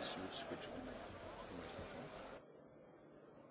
issues which